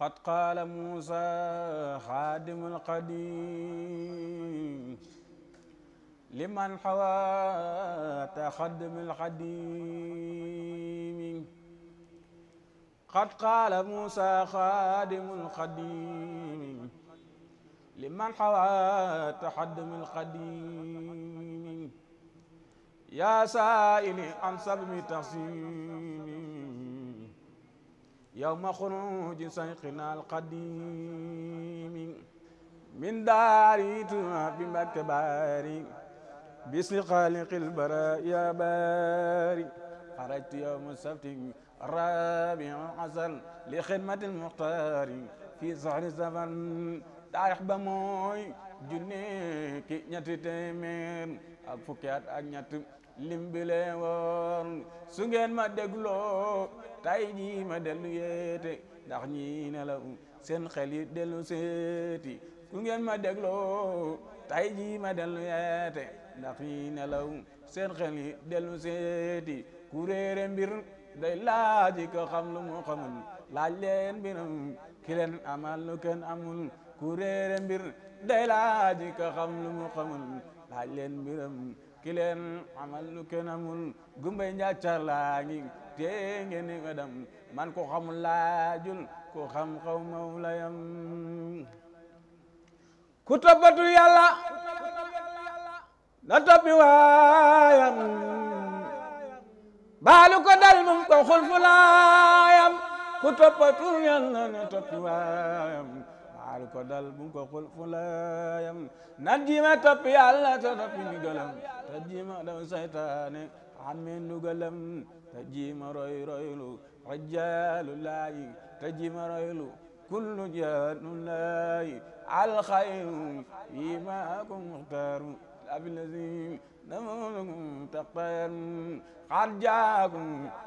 قد قال موسى خادم القديم لمن حوى تخدم القديم قد قال موسى خادم القديم لمن حوى تخدم القديم يا سائلي عن سبب تقسيم يوم خروج شيخنا القديم من داري بمك باري باسم خالق البرايا باري خرجت يوم السبت الرابع عسل لخدمة المختار في سهر زمن taarix ba mooy junni ki ñetti téeméer ak fukki at ak ñett lim bi ngeen ma dégloo tay ji ma dellu yeete ndax ñi nelaw la seen xel yi dellu seeti su ngeen ma dégloo tay ji ma dellu yeete ndax seen xel yi dellu seeti mbir day laaji ko xam lu mu xamul laaj leen mbiram ki leen lu kenn amul ku réere mbir day laaji ka xam lu mu xamul laaj leen mbiram ki leen amal lu kenn amul gumbay njàccar laa ngi tee ngeen wedam man ko xamul laajul ko xam xaw mawlayam ku toppatu yàlla na toppi waayam baalu ko dal mum ko xulfulaayam ku toppatu yàlla na toppi waayam lu ko dal bu mu ko xul fu laayam nan jima topp yàlla te toppi ndigalam te jima daw saytaane xamme ndugalam te jima roy roylu rajaalu laayi te jima roylu kullu jaanu laayi alxayru yi maakum muxtaaru abilazim namunukum taqan xarjaakum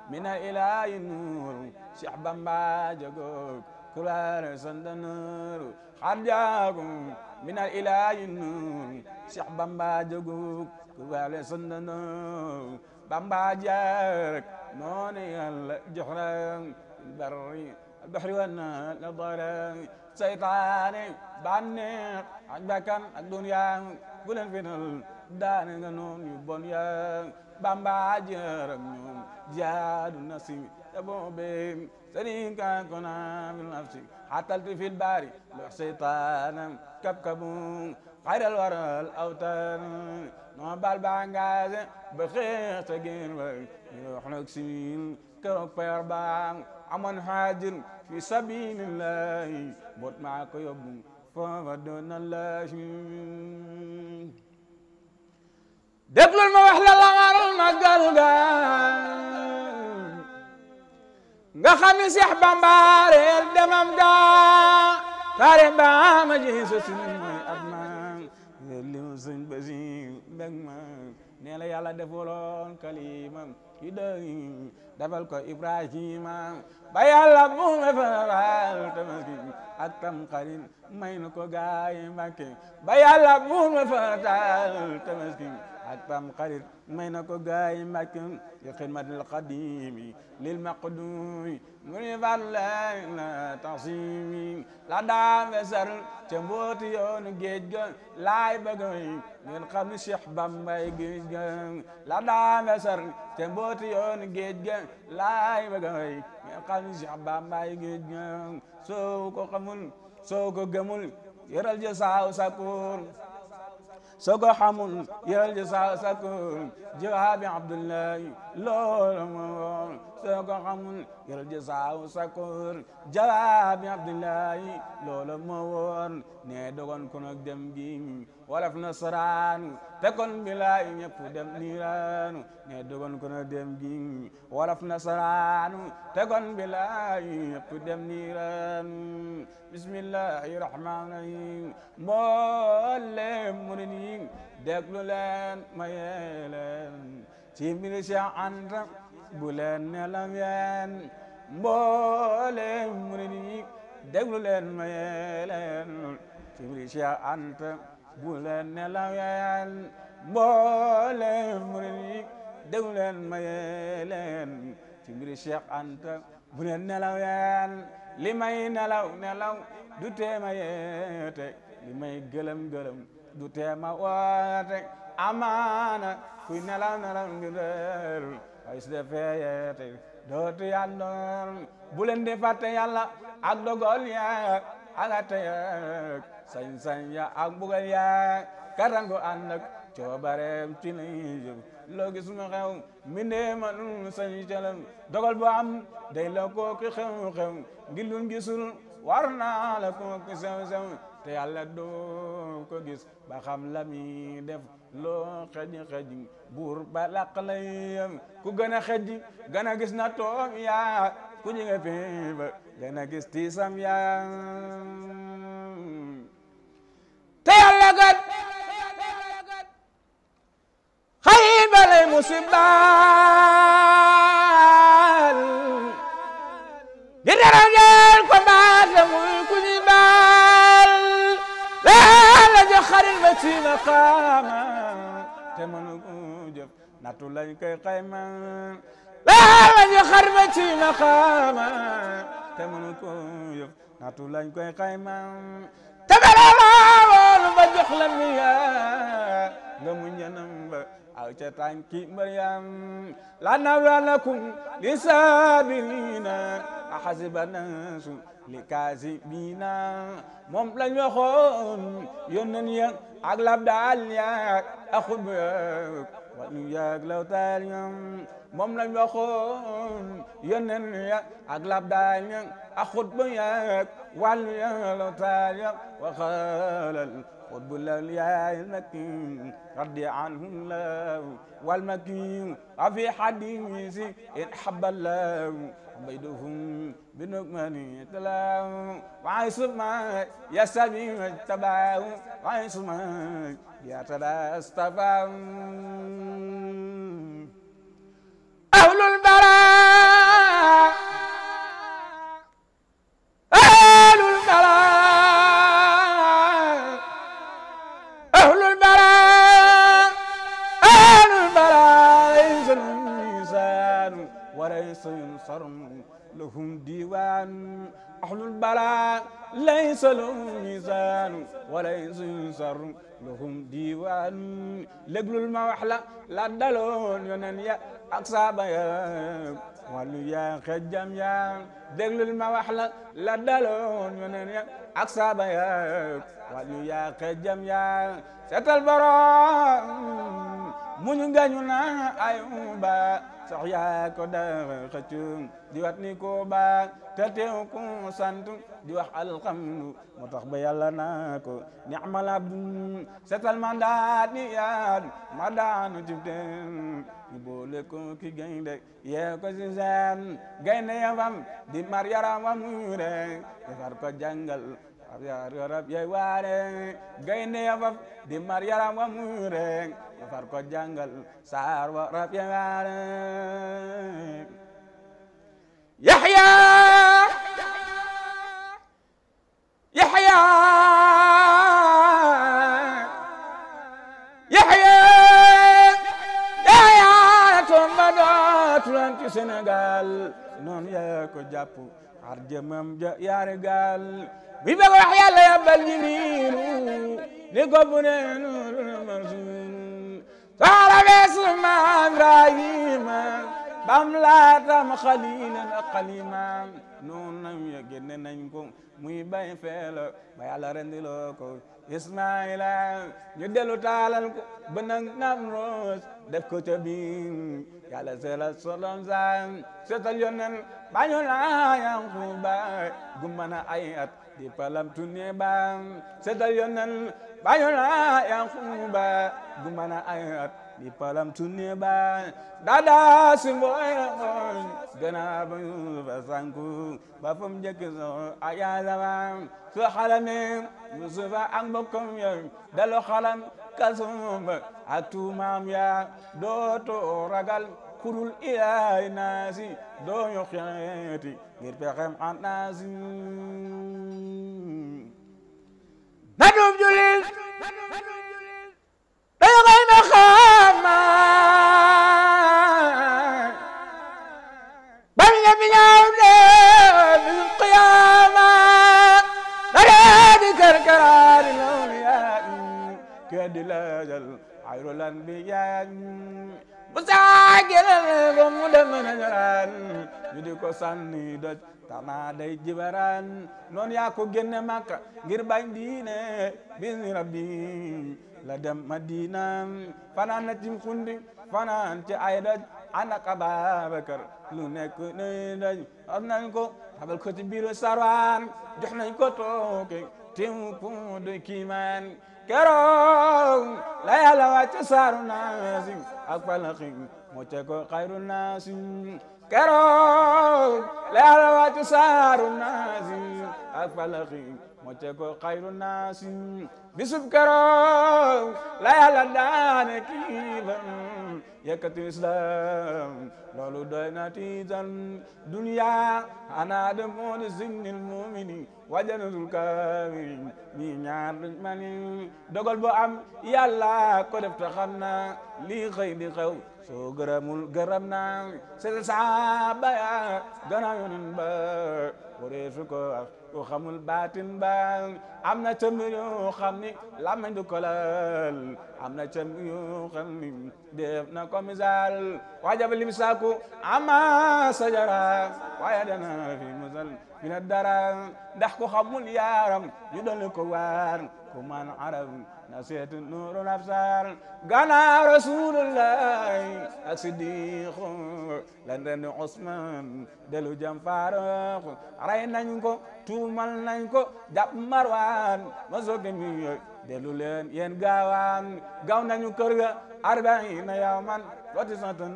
mina ilaayi nuur Cheikh Bamba jagoog كلان سندنور قد جاكم من الإله النور شيخ بامبا جوجوك كلان سندنور بامبا جاك نوني الجحران البري البحر والنظر سيطاني بانيق عجبكم الدنيا كلن فين الدان نون يبنيا بامبا جاك نون جاد النسيم يبوبين شريكا كنا بالنفس عطلت في الباري لوح شيطانا كبكبون غير الورى الأوتار نوبال بانغاز بخير تجين يروح نكسين كروك فيربان عمن حاجر في سبيل الله بوت معك يبون فودنا الله دبلو الموحلة لغار المقال nga xami Seex demam ga taarix ba ma jëhi sosi mooy at ma leer li ma sëñ basi mbég yàlla defaloon ki dëng defal ko Ibrahima ba yàlla bu me faal tamaski ak tam xarit may na ko gaay Mbàkke ba yàlla bu me faal tamaski ak pam xarit may na ko gaay mbàkk yu xidmatil xadimi lil maqdumi mu ni fàllaay na taxsimi la daam sar ca mbooti yoonu géej ga laay bëggay ngeen xam ni Cheikh Bambay géej ga la daam sar ca mbooti yoonu géej ga laay bëggay ngeen xam ni Cheikh Bambay géej ga soo ko xamul soo ko gëmul yëral ja saaw sakoor soo sogo xamul yëral ji sa sakun jiwaabi abdullahi loolu soo ko xamul yar ji saaw sakoor jawaabi abdullahi loolu moo woon ne kono dem gi walaf nasaraan te kon bilaay ñëpp dem niiraanu ne dogon kono dem gi walaf nasaraan te kon bilaay dem niiraanu bismillahi rahmaani rahiim mbooleem murid yi ma yee ci mbiri Cheikh Anta bu leen nelaw yeen mbooleem murid yi déglu leen mayee leen cibri Cheikh Anta bu leen nelaw yeen mbooleem murid yi déglu leen mayee leen cibri Cheikh Anta bu leen nelaw yeen li may nelaw nelaw du teema yeete li may gëlëm gëlëm du teema waate amaana kuy nelaw nelaw ngir ay su defee yeete dootu yàndoor bu leen di fàtte yàlla ak dogal ya ak atte ya sañ-sañ ya ak bugal ya karango ànd ak coobareem ci la ñuy jëm loo gis mu xew mi ndee ma nu sañ calam dogal bu am day la kooki xew-xew ngir lu gisul war naa la kooki sew-sew te yàlla doo ko gis ba xam la mi def loo xeji xeji buur ba làq lay ku gën a xeji gis na toom yaa ku ñi nga fii ba gën a gis yaa te yàlla gat xay ba lay musiba si maqaama te mënu jëf nattu lañ koy xayma laa wañu xarba ci maqaama te mënu ko jëf nattu lañ koy xayma te bala laa woon ba jox la miya nga mu ñanam ba aw ca tànki Maryam la nawla lakum li saabilina ahasiba li kaasibina moom lañ waxoon yónnan ya ak labdaal yaak ñu yaak lawtaal yam moom lañ waxoon ya ak labdaal yaak axub yaak wàllu yaak lawtaal yaak قطب الأولياء رضي عنه الله والمكين وفي حديث إن حب الله عبيدهم بنكمة تلاه وعيس ما يستبي واتباه وعيس ما يتلا استفاه أهل البراء صر لهم ديوان أهل البلاء ليس لهم ميزان وليس ينصر لهم ديوان لقل الموحلة لا دلون ينن يا أقصاب يا wàllu yaa xejjam yaa déglul ma wax la la daloon yoneen ya ak saaba ya wàllu yaa xejjam yaa seetal borom muñu gañu na ayuba sax yaa ko daa xëccu di wat ni ko baa te teew ku sant di wax alxamdu moo tax ba yàlla naa ko ni'mal abdu setal ma daat ni yaat ma daanu jibteen ñu boole ko ki gaynde yee si seen gaynde ya fam di mar yaramam rek defar ñu far ko jàngal saar wa rab ya waare yaxya yaxya yaxya yaxya tomba dootulan ci Sénégal noonu yaa ko jàpp ar jëmam ja yaari gaal bi ba wax yàlla yàbbal ji niiru li ko bu ne nuuru Mansuur سالم إبراهيم na خليلا قليما نونم يجن نانكم muy bay feelo ba yàlla rendiloo ko ismaila ñu delu taalal ko ba nag nam roos def ko ca biir yàlla seela solom san seetal yonen bañu laayanku ba gummana ay at di palam tunne ba seetal yonen bañu naa Yankuba du mën a ayat di palam tunne ba dada su mboy on gëna ba ba sanku ba fam njëkk so aya lawam su xalame musufa ak mbokkam ya dalo xalam kasum ba ak tuumaam ya dooto ragal kurul ilaay naasi doo ñu xeeti ngir pexem an naasi na dum julil ko sànni doj tama day jibaran noon yaa ko génne makka ngir bañ diine bisni rabbi la dem madina fanaan na cim xundi fanaan ci ay doj ana ka Babakar lu nekk nuy doj am nañ ko xabal ko ci biiru sarwaan jox nañ ko tooke tew ku doy kiimaan keroog la yàlla wàcc saaru naasin ak falaqi moo ca ko xayru keroog la yàlla wàcc saaru naasin ak falaqi mocce ko naasi bisub keroog la yàlla daane kiifam yëkkati islam loolu doy na tiital dunya ana de moodi sinnil mumini wajanatul kaamil mi ñaar duñ mani dogal bu am yàlla ko def te lii xëy di xew soo gërëmul gërëm naa sel saaba ya gannaaw yonin ba wareesu ko wax ku baatin ba am na cëm yu xam ni lamañ du am na cëm yu xam ni def na ko misaal wajaba lim saaku ama sajara waaye dana fi musal mina dara ndax ku xamul yaaram ñu doon ko waar كمان عرب نسيت نور الأبصار قال رسول الله الصديق لندن عثمان دلو جام فاروق رأي نانكو تومال نانكو جاب مروان مزوجمي delu leen yéen gaawaan gaaw nañu kër ga arbaina yawman wati satan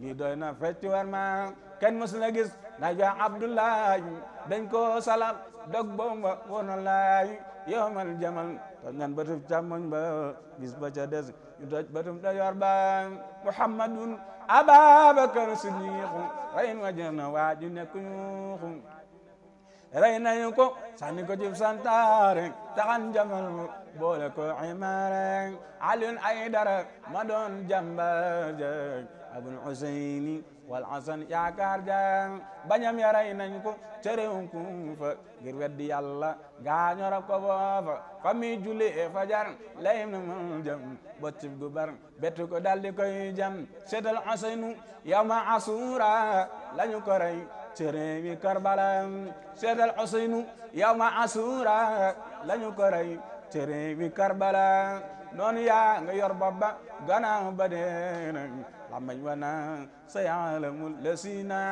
lii doy na fecc war ma kenn mës na gis abdullahi dañ ko dog bomba woon yowmal jamal toj nan bëtub càmmoñ ba bis ba ca des ñu toj bëtub ba muhammadun ababakar siddiqu rayin wajar na waa ju nekk ñuuxu rey nañu ko sànni ko cib santaare taxan jamal boole ko imaare alun ay dara ma doon jàmbar abul huseyni wal hasan yaakaar jaan bañam ya rey nañ ko cerew kum fa ngir weddi yàlla gaañora ko boofa fa mi julee fajar layim na man jam boccib gu bar bettu ko daldi koy jam seetal huseynu yawma asura lañu ko rey cerewi karbala seetal huseynu yawma asura lañu ko rey cerewi karbala nga yor baba gannaaw ba dee làmmañ wana sayaalamul lasina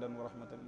dan wa rahmatan